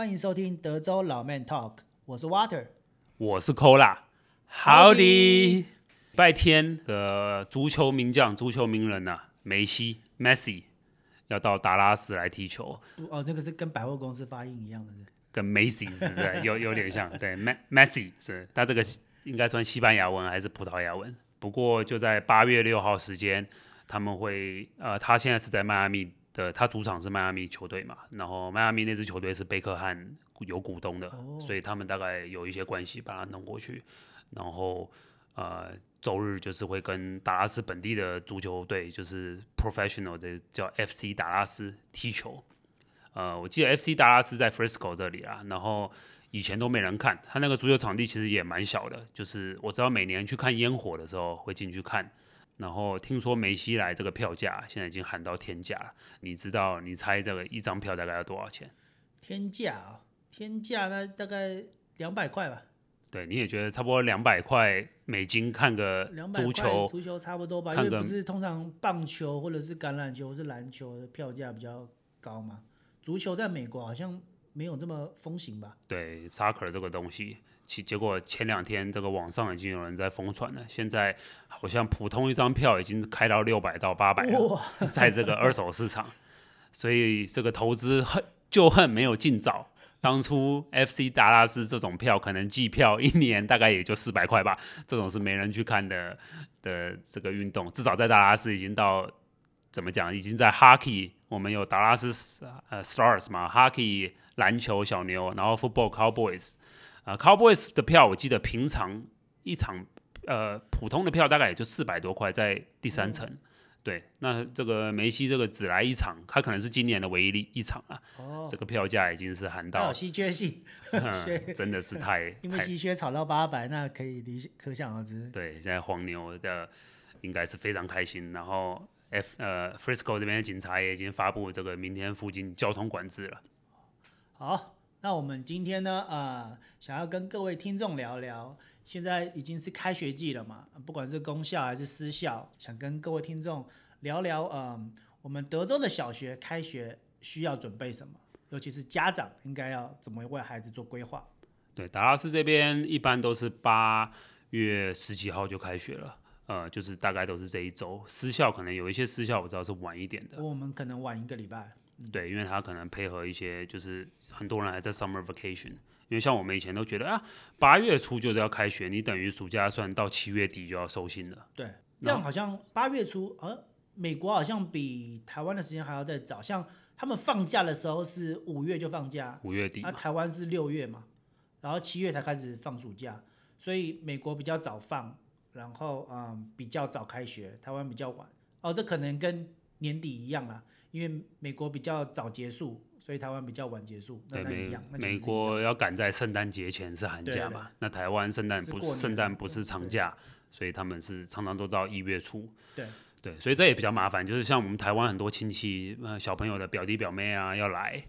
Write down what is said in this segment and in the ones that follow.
歡迎收聽德州老 man talk，我是 Water，我是 Cola，Howdy，拜天的、呃、足球名將、足球名人呢、啊，梅西 Messi 要到達拉斯來踢球。哦，這、哦那個是跟百貨公司發音一樣的，跟梅西 是不是有有點像？對 ，Messi 是，他這個應該算西班牙文還是葡萄牙文？不過就在八月六號時間，他們會呃，他現在是在邁阿密。呃，他主場是邁阿密球隊嘛，然後邁阿密那支球隊是貝克漢有股東的，哦，所以他們大概有一些關係把他弄過去，然後呃週日就是會跟達拉斯本地的足球隊，就是 professional 的叫 FC 達拉斯踢球，呃，我記得 FC 達拉斯在 Frisco 這裡啊，然後以前都沒人看他，那個足球場地其實也蠻小的，就是我知道每年去看煙火的時候會進去看。然後聽說梅西來，這個票價現在已經喊到天價你知道？你猜這個一張票大概要多少錢？天價啊、哦！天價那大概兩百塊吧。對，你也覺得差不多兩百塊美金看個足球？足球差不多吧，因為不是通常棒球或者是橄欖球或是籃球的票價比較高嘛。足球在美國好像沒有這麼風行吧？對，soccer 這個東西。其結果前兩天，這個網上已經有人在瘋傳了。現在好像普通一張票已經開到六百到八百了，在這個二手市場。所以這個投資恨就恨沒有盡早。當初 FC 達拉斯這種票，可能季票一年大概也就四百塊吧。這種是沒人去看的的這個運動，至少在達拉斯已經到怎麼講，已經在 Hockey，我們有達拉斯呃 Stars 嘛，Hockey 籃球小牛，然後 Football Cowboys。啊、uh，Cowboys 的票我記得平常一場，呃，普通的票大概也就四百多塊，在第三層。嗯。對，那這個梅西這個只來一場，他可能是今年的唯一一場了，啊哦。這個票價已經是喊到稀缺性，嗯，真的是太因為稀缺炒到八百，那可以理可想而知。對，現在黃牛的應該是非常開心。然後 F 呃，Frisco 這邊的警察也已經發布這個明天附近交通管制了。好。那我們今天呢，呃，想要跟各位聽眾聊聊，現在已經是開學季了嘛，不管是公校還是私校，想跟各位聽眾聊聊，嗯、呃，我們德州的小學開學需要準備什麼，尤其是家長應該要怎麼為孩子做規劃。對，達拉斯這邊一般都是八月十幾號就開學了，呃，就是大概都是這一周。私校可能有一些私校我知道是晚一點的，我們可能晚一個禮拜。對，因為他可能配合一些，就是很多人還在 summer vacation，因為像我們以前都覺得啊，八月初就是要開學，你等於暑假算到七月底就要收心了。對，這樣好像八月初，呃、哦，美國好像比台灣的時間還要再早，像他們放假的時候是五月就放假，五月底，那、啊、台灣是六月嘛，然後七月才開始放暑假，所以美國比較早放，然後嗯，比較早開學，台灣比較晚。哦，這可能跟。年底一樣啊，因為美國比較早結束，所以台灣比較晚結束。一樣對，美，美國要趕在聖誕節前是寒假嘛？對對對，那台灣聖誕不聖誕不是長假，所以他們是常常都到一月初。對，對所以這也比較麻煩。就是像我們台灣很多親戚，小朋友的表弟表妹啊要來，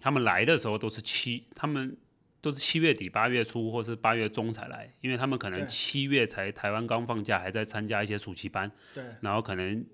他們來的時候都是七，他們都是七月底八月初或是八月中才來，因為他們可能七月才台灣剛放假，還在參加一些暑期班。對，然後可能。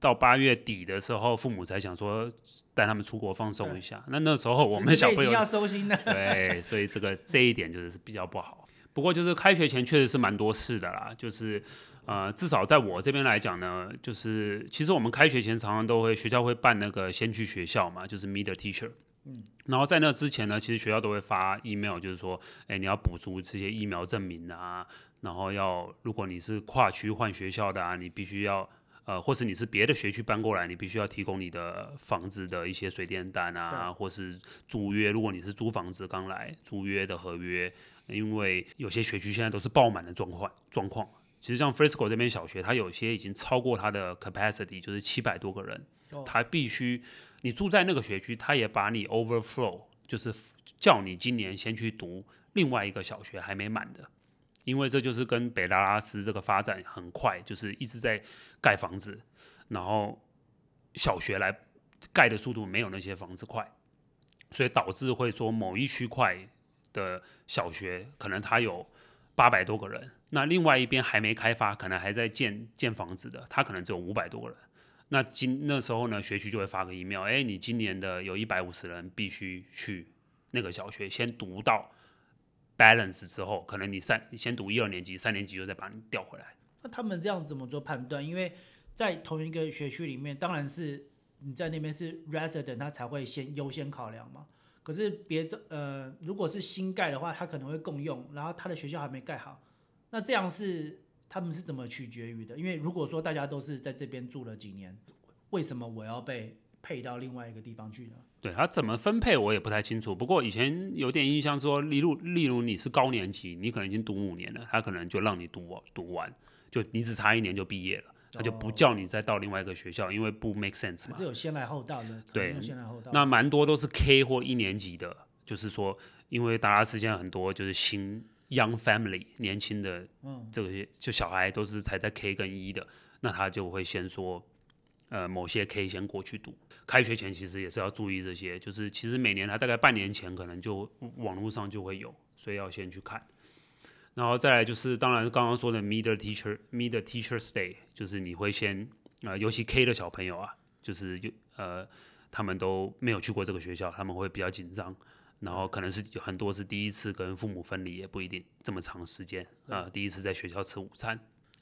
到八月底的時候，父母才想說帶他們出國放鬆一下。那那時候我們小朋友要收心的，對，所以這個 這一點就是比較不好。不過就是開學前確實是蠻多事的啦，就是呃，至少在我這邊來講呢，就是其實我們開學前常常都會學校會辦那個先去學校嘛，就是 meet the teacher，嗯，然後在那之前呢，其實學校都會發 email，就是說，哎，你要補足這些疫苗證明啊，然後要如果你是跨區換學校的啊，你必須要。呃，或是你是別的學區搬過來，你必須要提供你的房子的一些水電單啊，或是租約。如果你是租房子剛來，租約的合約，因為有些學區現在都是爆滿的狀況狀況。其實像 Frisco 這邊小學，它有些已經超過它的 capacity，就是七百多個人，它必須你住在那個學區，它也把你 overflow，就是叫你今年先去讀另外一個小學還沒滿的。因為這就是跟北達拉斯這個發展很快，就是一直在蓋房子，然後小學來蓋的速度沒有那些房子快，所以導致會說某一區塊的小學可能它有八百多個人，那另外一邊還沒開發，可能還在建建房子的，它可能只有五百多個人。那今那時候呢，學區就會發個 email，哎，你今年的有一百五十人必須去那個小學先讀到。balance 之後，可能你三你先讀一二年級，三年級就再把你調回來。那他們這樣怎麼做判斷？因為在同一個學區裡面，當然是你在那邊是 resident，他才會先優先考量嘛。可是別這呃，如果是新蓋的話，他可能會共用，然後他的學校還沒蓋好，那這樣是他們是怎麼取決於的？因為如果說大家都是在這邊住了幾年，為什麼我要被？配到另外一個地方去呢？對，他怎麼分配我也不太清楚。不過以前有點印象說，說例如例如你是高年級，你可能已經讀五年了，他可能就讓你讀讀完，就你只差一年就畢業了，他就不叫你再到另外一個學校，因為不 make sense 嘛。只、啊、有，有先來後到的，對，那蠻多都是 K 或一年級的，就是說，因為達拉斯現在很多就是新 young family 年輕的，嗯，這些就小孩都是才在 K 跟一、e、的，那他就會先說。呃，某些 K 先過去讀，開學前其實也是要注意這些，就是其實每年它大概半年前可能就網絡上就會有，所以要先去看。然後再來就是，當然剛剛說的 Meet the Teacher, Meet the Teacher's Day，就是你會先啊、呃，尤其 K 的小朋友啊，就是有呃，他們都沒有去過這個學校，他們會比較緊張，然後可能是很多是第一次跟父母分離，也不一定這麼長時間啊、呃，第一次在學校吃午餐。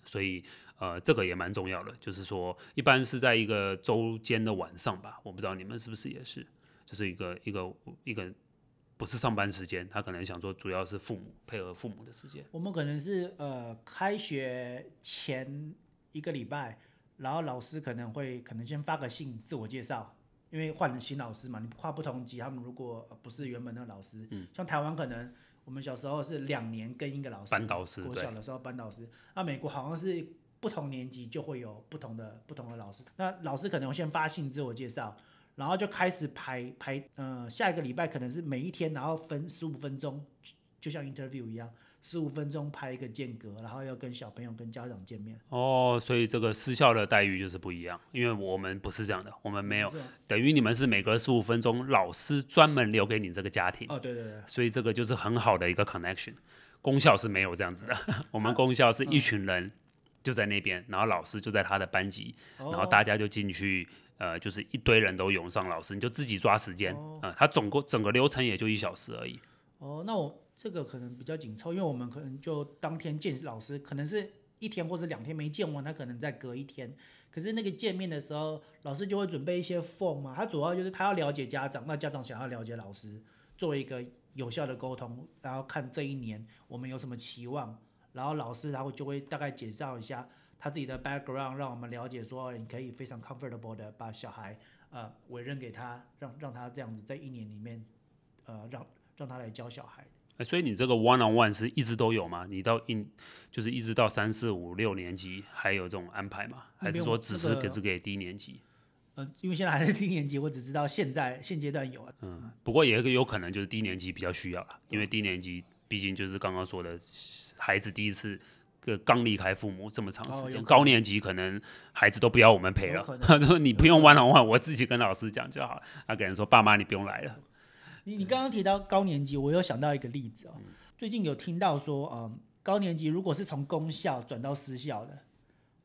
所以，呃，這個也蠻重要的，就是說，一般是在一個週間的晚上吧，我不知道你們是不是也是，就是一個一個一個不是上班時間，他可能想說，主要是父母配合父母的時間。我們可能是呃，開學前一個禮拜，然後老師可能會可能先發個信自我介紹，因為換了新老師嘛，你跨不同級，他們如果不是原本的老師，嗯，像台灣可能。我們小時候是兩年跟一個老師，班導師，國小的時候班導師。那美國好像是不同年級就會有不同的不同的老師。那老師可能會先發信自我介紹，然後就開始排排，嗯、呃，下一個禮拜可能是每一天，然後分十五分鐘。就像 interview 一樣，十五分鐘拍一個間隔，然後要跟小朋友、跟家長見面。哦，所以這個私校的待遇就是不一樣，因為我們不是這樣的，我們沒有，嗯啊、等於你們是每隔十五分鐘，老師專門留給你這個家庭。哦，對對對。所以這個就是很好的一個 connection，公校是沒有這樣子的。嗯、 我們公校是一群人就在那邊，嗯、然後老師就在他的班級、哦，然後大家就進去，呃，就是一堆人都湧上老師，你就自己抓時間啊、哦呃。他總共整個流程也就一小時而已。哦，那我這個可能比較緊湊，因為我們可能就當天見老師，可能是一天或者兩天沒見完，他可能再隔一天。可是那個見面的時候，老師就會準備一些 form 啊，他主要就是他要了解家長，那家長想要了解老師，做一個有效的溝通，然後看這一年我們有什麼期望，然後老師他會就會大概介紹一下他自己的 background，讓我們了解說你可以非常 comfortable 的把小孩呃委任給他，讓讓他這樣子在一年裡面呃讓。讓他來教小孩、欸，所以你這個 one on one 是一直都有嗎？你到一就是一直到三四五六年級還有這種安排嗎？還，還是說只是給、這個、是給低年級、呃。因為現在還是低年級，我只知道現在現階段有啊、嗯。嗯，不過也有可能就是低年級比較需要了，因為低年級畢竟就是剛剛說的，孩子第一次剛離開父母這麼長時間、哦，高年級可能孩子都不要我們陪了，他說 你不用 one on one，我自己跟老師講就好了。他給人說，爸媽你不用來了。你你剛剛提到高年級、嗯，我又想到一個例子哦、喔嗯。最近有聽到說，嗯，高年級如果是從公校轉到私校的，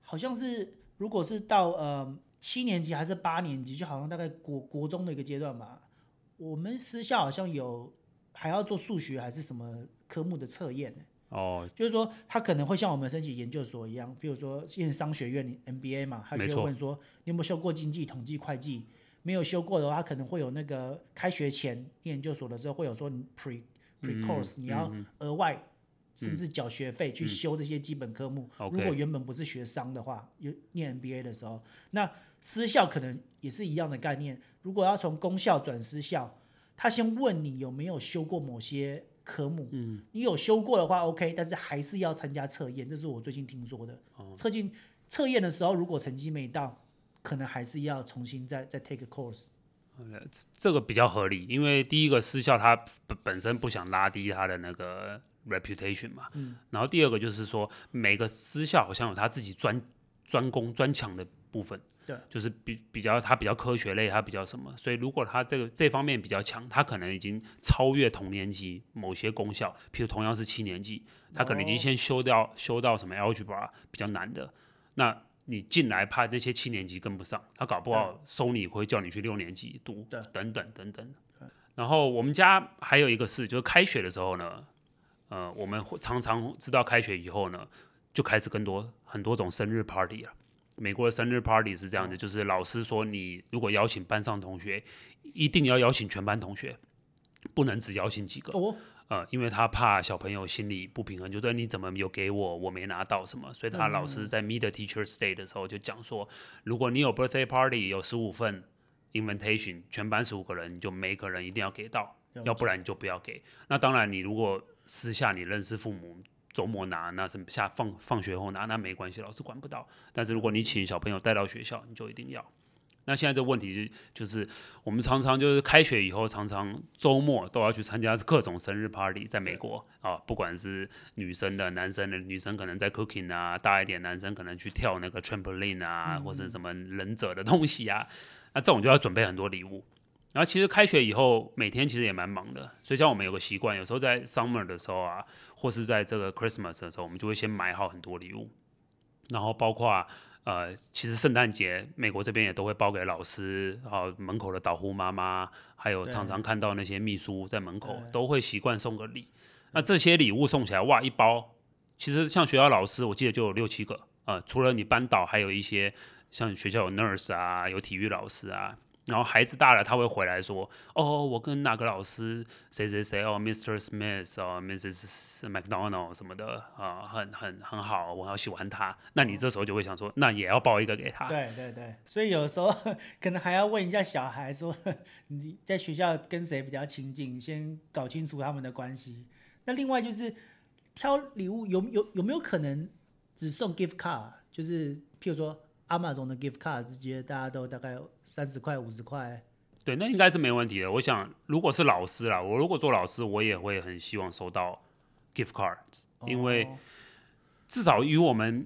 好像是如果是到呃、嗯、七年級還是八年級，就好像大概國國中的一個階段吧。我們私校好像有還要做數學還是什麼科目的測驗呢？哦，就是說他可能會像我們申請研究所一樣，比如說現在商學院裡 MBA 嘛，他就會問說你有沒有修過經濟、統計、會計？沒有修過的話，他可能會有那個開學前念研究所的時候，會有說你 pre pre course、嗯、你要額外、嗯、甚至繳學費、嗯、去修這些基本科目、嗯。如果原本不是學商的話，有、嗯、念 MBA 的時候，okay. 那私校可能也是一樣的概念。如果要從公校轉私校，他先問你有沒有修過某些科目。嗯、你有修過的話，OK，但是還是要參加測驗。這是我最近聽說的。哦、測進測驗的時候，如果成績沒到。可能還是要重新再再 take a course，okay, 這個比較合理，因為第一個私校它本本身不想拉低它的那個 reputation 嘛，嗯，然後第二個就是說每個私校好像有他自己專專攻專強的部分，對，就是比比較它比較科學類，它比較什麼，所以如果它這個這方面比較強，它可能已經超越同年級某些公校，譬如同樣是七年級，它可能已經先修掉、哦、修到什麼 algebra 比較難的，那。你進來怕那些七年級跟不上，他搞不好收你會叫你去六年級讀，等等等等。然後我們家還有一個事，就是開學的時候呢，呃，我們常常知道開學以後呢，就開始更多很多種生日 party 了啊。美國的生日 party 是這樣的，就是老師說你如果邀請班上同學，一定要邀請全班同學，不能只邀請幾個。哦。呃，因為他怕小朋友心理不平衡，就說你怎麼有給我，我沒拿到什麼，所以他老師在 Meet the Teacher's Day 的時候就講說嗯嗯嗯，如果你有 birthday party，有十五份 invitation，全班十五個人，你就每個人一定要給到，要不然你就不要給。嗯嗯，那當然，你如果私下你認識父母，週末拿，那什麼下放放學後拿，那沒關係，老師管不到。但是如果你請小朋友帶到學校，你就一定要。那現在這個問題就是我們常常就是開學以後，常常周末都要去參加各種生日 party。在美國啊，不管是女生的、男生的，女生可能在 cooking 啊，大一點男生可能去跳那個 trampoline 啊，或者什麼忍者的東西啊。那這種就要準備很多禮物。然後其實開學以後每天其實也蠻忙的，所以像我們有個習慣，有時候在 summer 的時候啊，或是在這個 Christmas 的時候，我們就會先買好很多禮物，然後包括。呃，其實聖誕節美國這邊也都會包給老師，好、呃、門口的導護媽媽，還有常常看到那些秘書在門口，都會習慣送個禮。那這些禮物送起來，哇，一包。其實像學校老師，我記得就有六七個。呃，除了你班導，還有一些像學校有 nurse 啊，有體育老師啊。然後孩子大了，他會回來說：“哦，我跟那個老師，誰誰誰，哦，Mr. Smith，哦，Mrs. McDonald 什麼的啊、呃，很很很好，我好喜歡他。”那你這時候就會想說：“那也要報一個給他。對”對對對，所以有時候可能還要問一下小孩說，說你在學校跟誰比較親近，先搞清楚他們的關係。那另外就是挑禮物，有有有沒有可能只送 gift card？就是譬如說。Amazon 的 gift card 之間，大家都大概三十塊、五十塊。對，那應該是沒問題的。我想，如果是老師啦，我如果做老師，我也會很希望收到 gift card、哦、因為至少與我們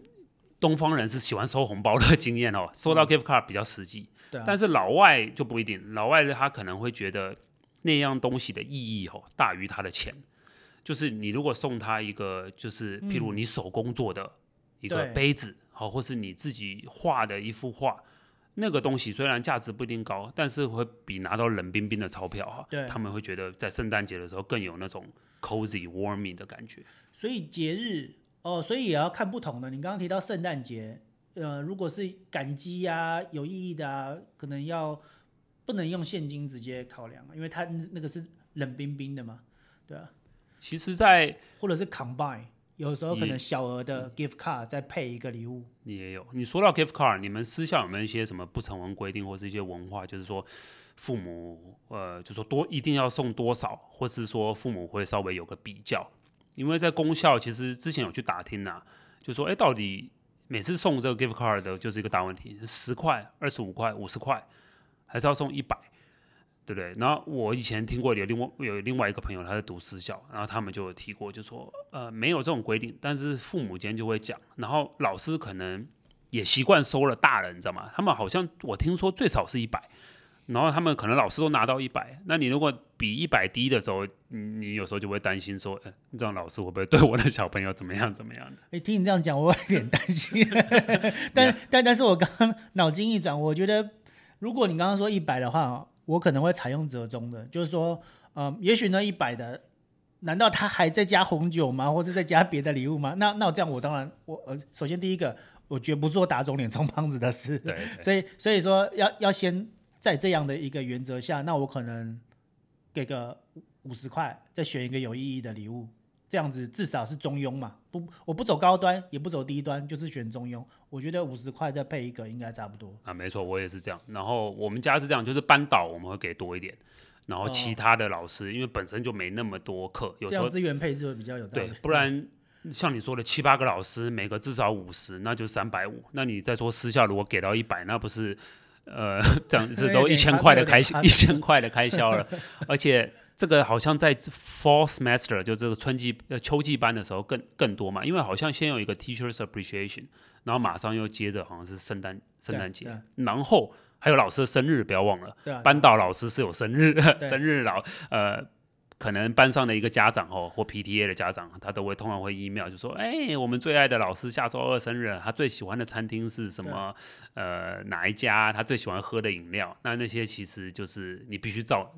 東方人是喜歡收紅包的經驗哦。收到 gift card 比較實際、嗯啊，但是老外就不一定。老外他可能會覺得那樣東西的意義吼，大於他的錢。就是你如果送他一個，就是譬如你手工做的一個杯子。嗯好、哦，或是你自己畫的一幅畫，那個東西雖然價值不一定高，但是會比拿到冷冰冰的鈔票哈、啊，對他們會覺得在聖誕節的時候更有那種 cozy、warming 的感覺。所以節日哦、呃，所以也要看不同的。你剛剛提到聖誕節，呃，如果是感激呀、啊、有意義的啊，可能要不能用現金直接考量，因為它那個是冷冰冰的嘛。對啊，其實在，在或者是 combine。有時候可能小額的 gift card 再配一個禮物，你也有。你說到 gift card，你們私校有沒有一些什麼不成文規定或是一些文化，就是說父母呃，就說多一定要送多少，或是說父母會稍微有個比較？因為在公校其實之前有去打聽吶，就說誒到底每次送這個 gift card 的就是一個大問題，十塊、二十五塊、五十塊，還是要送一百？對不對？然後我以前聽過有另外有另外一個朋友，他在讀私校，然後他們就有提過，就說呃沒有這種規定，但是父母間就會講，然後老師可能也習慣收了大人，你知道嗎？他們好像我聽說最少是一百，然後他們可能老師都拿到一百，那你如果比一百低的時候，你有時候就會擔心說，你、呃、這樣老師會不會對我的小朋友怎麼樣怎麼樣的？哎，聽你這樣講，我有點擔心。 但但但是我剛剛腦筋一轉，我覺得如果你剛剛說一百的話我可能會採用折中的，就是說，嗯，也許那一百的，難道他還在加紅酒嗎？或者再加別的禮物嗎？那那我這樣，我當然我呃，首先第一個，我絕不做打腫臉充胖子的事，對對對，所以所以說要要先在這樣的一個原則下，那我可能給個五十塊，再選一個有意義的禮物。這樣子至少是中庸嘛，不，我不走高端，也不走低端，就是選中庸。我覺得五十塊再配一個應該差不多啊，沒錯，我也是這樣。然後我們家是這樣，就是班導我們會給多一點，然後其他的老師、哦、因為本身就沒那麼多課，有時候資源配置會比較有道理。對，不然像你說的七八個老師每個至少五十，那就三百五。那你再說私校如果給到一百，那不是呃，這樣子都一千塊的開銷，一千塊的開銷了， 而且。這個好像在 fall semester，就這個春季呃秋季班的時候更更多嘛，因為好像先有一個 teachers appreciation，然後馬上又接着好像是聖誕聖誕節，然後還有老師的生日，不要忘了，班導老師是有生日，生日老呃，可能班上的一個家長哦或 PTA 的家長，他都會通常會 email 就說，哎，我們最愛的老師下周二生日，他最喜歡的餐廳是什麼？呃哪一家？他最喜歡喝的飲料？那那些其實就是你必須照。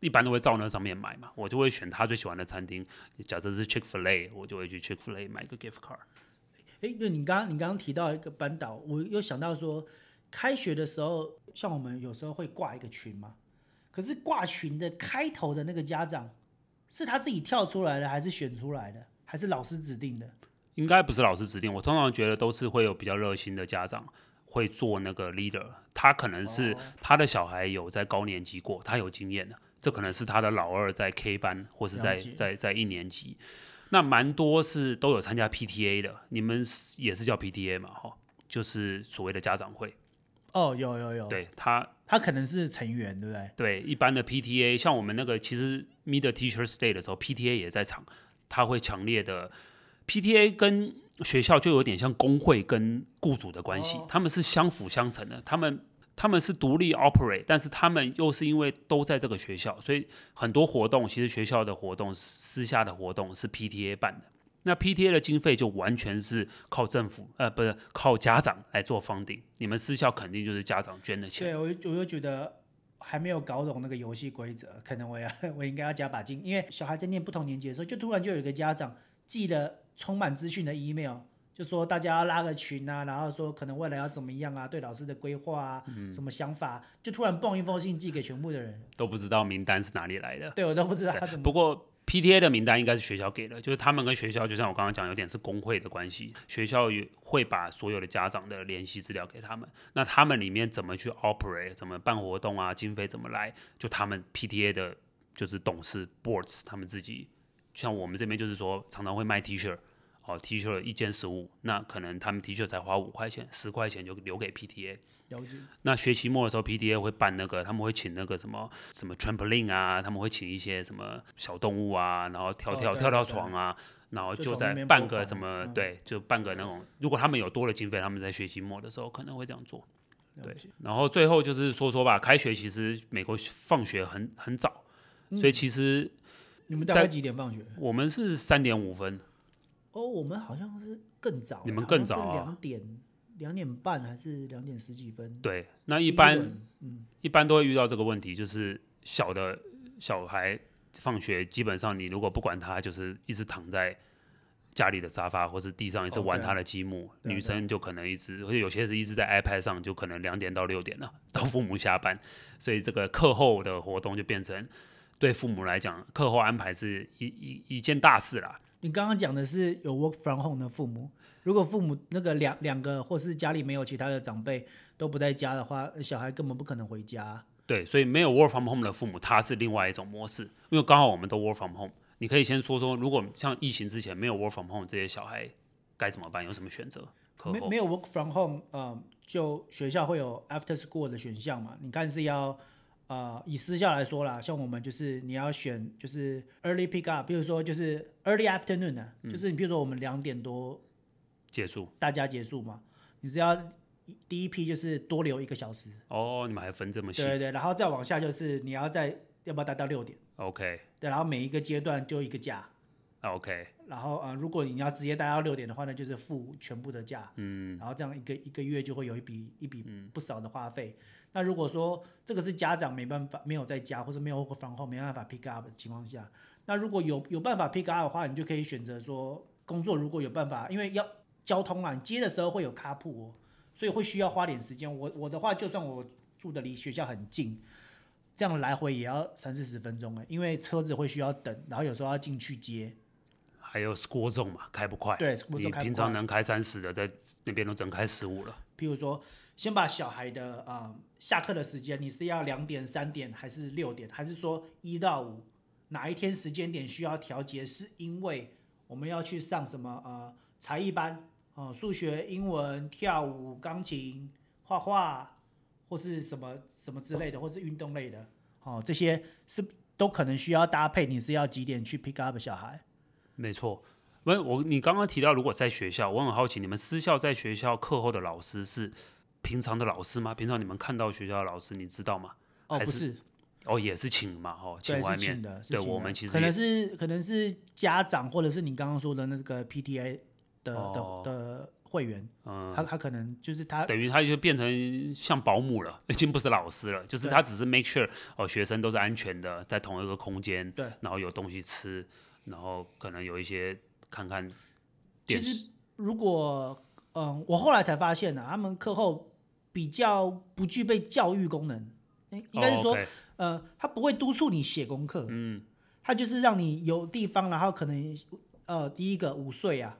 一般都會照那上面買嘛，我就會選他最喜歡的餐廳。假設是 Chick-fil-A，我就會去 Chick-fil-A 買一個 gift card。哎，對，你剛剛你剛剛提到一個班導，我又想到說，開學的時候，像我們有時候會掛一個群嘛。可是掛群的開頭的那個家長，是他自己跳出來的，還是選出來的，還是老師指定的？嗯、應該不是老師指定，我通常覺得都是會有比較熱心的家長。會做那個 leader，他可能是他的小孩有在高年級過，他有經驗的，這可能是他的老二在 K 班或是在在在一年級，那蠻多是都有參加 PTA 的，你們也是叫 PTA 嘛？哈，就是所謂的家長會。哦，有有有，對他，他可能是成員，對不對？對，一般的 PTA，像我們那個其實 Meet the Teacher Day 的時候，PTA 也在場，他會強烈的 PTA 跟。學校就有點像工會跟雇主的關係，oh. 他們是相輔相成的，他們他們是獨立 operate，但是他們又是因為都在這個學校，所以很多活動其實學校的活動、私下的活動是 PTA 辦的，那 PTA 的經費就完全是靠政府，呃，不是靠家長來做 funding，你們私校肯定就是家長捐的錢。對我，我就覺得還沒有搞懂那個遊戲規則，可能我要我應該要加把勁，因為小孩在念不同年級的時候，就突然就有一個家長。寄了充滿資訊的 email，就說大家要拉個群啊，然後說可能未來要怎麼樣啊，對老師的規劃啊，嗯，什麼想法，就突然蹦一封信寄給全部的人，都不知道名單是哪裡來的。對，我都不知道他怎麼。不過 PTA 的名單應該是學校給的，就是他們跟學校就像我剛剛講，有點是工會的關係，學校也會把所有的家長的聯繫資料給他們。那他們裡面怎麼去 operate，怎麼辦活動啊，經費怎麼來，就他們 PTA 的，就是董事 boards 他們自己。像我們這邊就是說，常常會賣 T 恤、哦，哦，T 恤一件十五，那可能他們 T 恤才花五塊錢、十塊錢就留給 PTA。了解。那學期末的時候，PTA 會辦那個，他們會請那個什麼什麼 trampoline 啊，他們會請一些什麼小動物啊，然後跳跳、哦、跳跳床啊，然後就在辦個什麼，對，就辦個那種。嗯、如果他們有多的經費，他們在學期末的時候可能會這樣做。對，了解。然後最後就是說說吧，開學其實美國放學很很早，所以其實、嗯。你們大概幾點放學？我們是三點五分。哦、oh，我們好像是更早。你們更早啊？兩點、兩點半還是兩點十幾分？對，那一般 Even，嗯，一般都會遇到這個問題，就是小的小孩放學，基本上你如果不管他，就是一直躺在家裡的沙發或是地上，一直玩他的積木。Oh，啊啊、女生就可能一直，或者有些是一直在 iPad 上，就可能兩點到六點了，到父母下班， 所以這個課後的活動就變成。對父母來講，課後安排是一一一件大事啦。你剛剛講的是有 work from home 的父母，如果父母那個兩兩個，或是家裡沒有其他的長輩都不在家的話，小孩根本不可能回家。對，所以沒有 work from home 的父母，他是另外一種模式。因為剛好我們都 work from home，你可以先說說，如果像疫情之前沒有 work from home，這些小孩該怎麼辦，有什麼選擇？沒沒有 work from home，呃，就學校會有 after school 的選項嘛。你看是要。呃，以私校來說啦，像我們就是你要選就是 early pick up，比如說就是 early afternoon 啊，嗯、就是你比如說我們兩點多結束，大家結束嘛，你只要第一批就是多留一個小時。哦、oh,，你們還分這麼細對,對對，然後再往下就是你要再要不要待到六點？OK。對，然後每一個階段就一個價 OK。然後呃，如果你要直接待到六點的話，那就是付全部的價，嗯，然後這樣一個一個月就會有一筆一筆不少的花費。嗯、那如果說這個是家長沒辦法沒有在家或者沒有房後沒辦法 pick up 的情況下，那如果有有辦法 pick up 的話，你就可以選擇說，工作如果有辦法，因為要交通啊，你接的時候會有 car pool，哦，所以會需要花點時間。我我的話，就算我住的離學校很近，這樣來回也要三四十分鐘哎、欸，因為車子會需要等，然後有時候要進去接。還有過重嘛，開不快。對，你平常能開三十的，在那邊都整開十五了。譬如說，先把小孩的啊、呃、下課的時間，你是要兩點、三點，還是六點，還是說一到五哪一天時間點需要調節？是因為我們要去上什麼啊、呃、才藝班啊，數、呃、學、英文、跳舞、鋼琴、畫畫，或是什麼什麼之類的，或是運動類的哦、呃，這些是都可能需要搭配。你是要幾點去 pick up 小孩？沒錯，我你剛剛提到，如果在學校，我很好奇，你們私校，在學校課後的老師是平常的老師嗎？平常你們看到學校的老師，你知道嗎？還是哦，不是，哦，也是請嘛，哦，請外面。對，是請的，是請的對。我們其實可能是可能是家長，或者是你剛剛說的那個 PTA 的的、哦、的會員，嗯，他他可能就是他、嗯、等於他就變成像保姆了，已經不是老師了，就是他只是 make sure 哦學生都是安全的，在同一個空間，對，然後有東西吃。然後可能有一些看看電視。其實如果嗯、呃，我後來才發現的、啊，他們課後比較不具備教育功能。應該是說、Oh, okay. 呃，他不會督促你寫功課。嗯。他就是讓你有地方，然後可能呃，第一個午睡啊，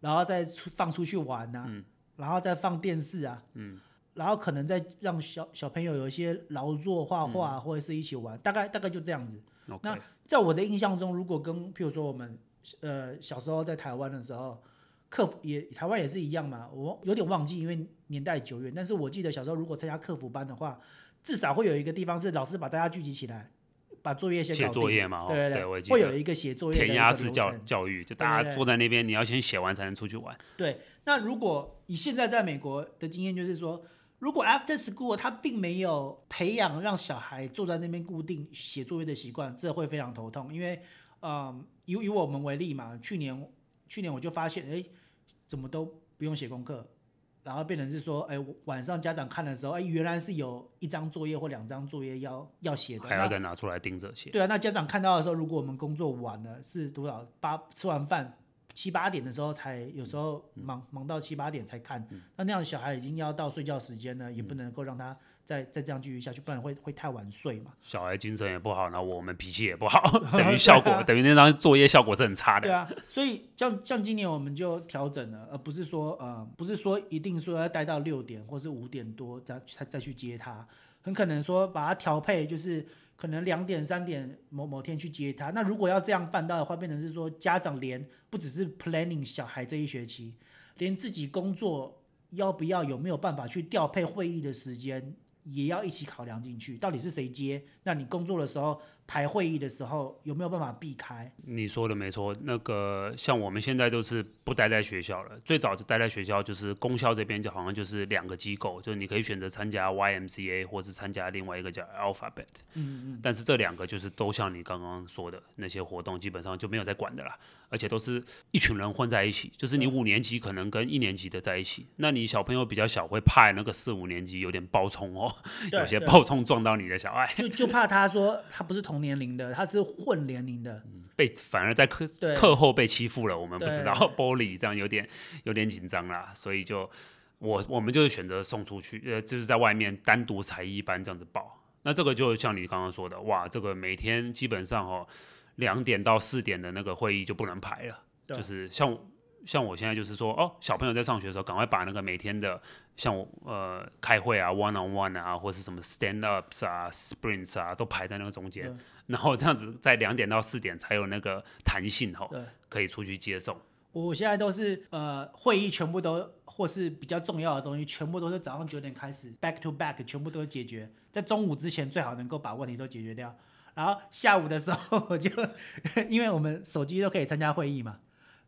然後再放出去玩啊、嗯、然後再放電視啊，嗯，然後可能再讓小小朋友有一些勞作、畫畫、嗯、或者是一起玩，大概大概就這樣子。Okay. 那在我的印象中，如果跟譬如說我們呃小時候在台灣的時候，課輔也台灣也是一樣嘛，我有點忘記，因為年代久遠。但是我記得小時候如果參加課輔班的話，至少會有一個地方是老師把大家聚集起來，把作業先寫作業嘛，對對，對，對我會有一個寫作業填鴨式教教育，就大家坐在那邊，你要先寫完才能出去玩。對，那如果你現在在美國的經驗，就是說。如果 after school 他並沒有培養讓小孩坐在那邊固定寫作業的習慣，這會非常頭痛。因為，嗯、呃，以以我們為例嘛，去年去年我就發現，哎、欸，怎麼都不用寫功課，然後變成是說，哎、欸，晚上家長看的時候，哎、欸，原來是有一張作業或兩張作業要要寫的，還要再拿出來盯着寫。對啊，那家長看到的時候，如果我們工作晚了，是多少八吃完飯？七八點的時候才，有時候忙、嗯、忙到七八點才看，那、嗯、那樣小孩已經要到睡覺時間了、嗯，也不能夠讓他再再這樣繼續下去，不然會會太晚睡嘛。小孩精神也不好，那我們脾氣也不好， 對啊、等於效果等於那張作業效果是很差的。對啊，所以像像今年我們就調整了，而不是說呃不是說一定說要待到六點或是五點多再再再去接他。很可能說把它調配，就是可能兩點、三點某某天去接他。那如果要這樣辦到的話，變成是說家長連不只是 planning 小孩這一學期，連自己工作要不要有沒有辦法去調配會議的時間，也要一起考量進去。到底是誰接？那你工作的時候。台會議的時候有沒有辦法避開？你說的沒錯，那個像我們現在都是不待在學校了。最早就待在學校，就是公校這邊就好像就是兩個機構，就是你可以選擇參加 YMCA 或者參加另外一個叫 Alphabet。嗯嗯。但是這兩個就是都像你剛剛說的那些活動，基本上就沒有在管的啦。而且都是一群人混在一起，就是你五年級可能跟一年級的在一起，那你小朋友比較小，會怕那個四五年級有點暴衝哦， 有些暴衝撞到你的小孩。就就怕他說他不是同。同年齡的，他是混年齡的，嗯，被反而在課課後被欺負了。我們不知道玻璃這樣有點有點緊張啦，所以就我我們就是選擇送出去，呃，就是在外面單獨才藝班這樣子報。那這個就像你剛剛說的，哇，這個每天基本上哦兩點到四點的那個會議就不能排了，就是像。像我現在就是說，哦，小朋友在上學的時候，趕快把那個每天的像我呃開會啊、one on one 啊，或者什麼 stand ups 啊、sprints 啊，都排在那個中間，然後這樣子在兩點到四點才有那個彈性、哦，吼，可以出去接送。我現在都是呃會議全部都或是比較重要的東西，全部都是早上九點開始 back to back，全部都解決，在中午之前最好能夠把問題都解決掉，然後下午的時候我就因為我們手機都可以參加會議嘛。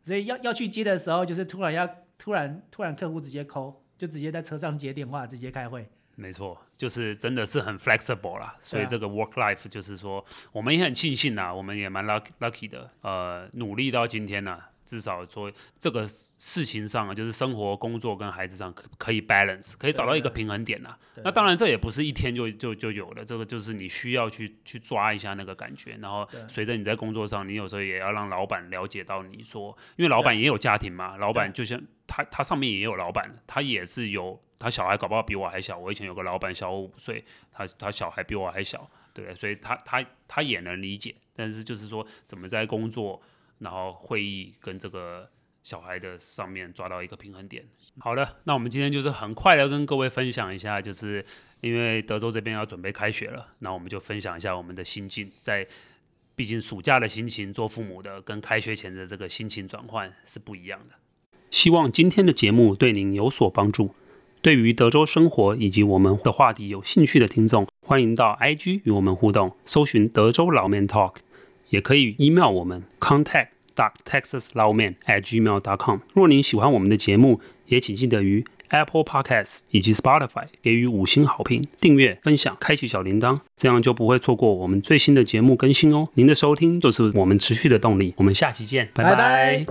所以要要去接的時候，就是突然要突然突然客戶直接 call，就直接在車上接電話，直接開會。沒錯，就是真的是很 flexible 啦、啊。所以這個 work life 就是說，我們也很慶幸啦、啊，我們也蠻 lucky lucky 的。呃，努力到今天啦、啊。至少說這個事情上啊，就是生活、工作跟孩子上可可以 balance，可以找到一個平衡點啊，對對，那當然，這也不是一天就就就有了，這個就是你需要去去抓一下那個感覺，然後隨着你在工作上，你有時候也要讓老板了解到你說，因為老板也有家庭嘛，老板就像他他上面也有老板，他也是有，他小孩搞不好比我還小。我以前有個老板小我五歲，他他小孩比我還小，對對，所以他他他也能理解，但是就是說怎麼在工作。然後會議跟這個小孩的上面抓到一個平衡點。好的，那我們今天就是很快的跟各位分享一下，就是因為德州這邊要準備開學了，那我們就分享一下我們的心境，在畢竟暑假的心情，做父母的跟開學前的這個心情轉換是不一樣的。希望今天的節目對您有所幫助。對於德州生活以及我們的話題有興趣的聽眾，歡迎到 IG 與我們互動，搜尋德州老 Man Talk。也可以 email 我們，contact.texaslaoman@gmail.com。若您喜歡我們的節目，也請記得於 Apple Podcasts 以及 Spotify 給予五星好評、訂閱、分享、開啟小鈴鐺，這樣就不會錯過我們最新的節目更新哦。您的收聽就是我們持續的動力。我們下期見，拜拜。拜拜。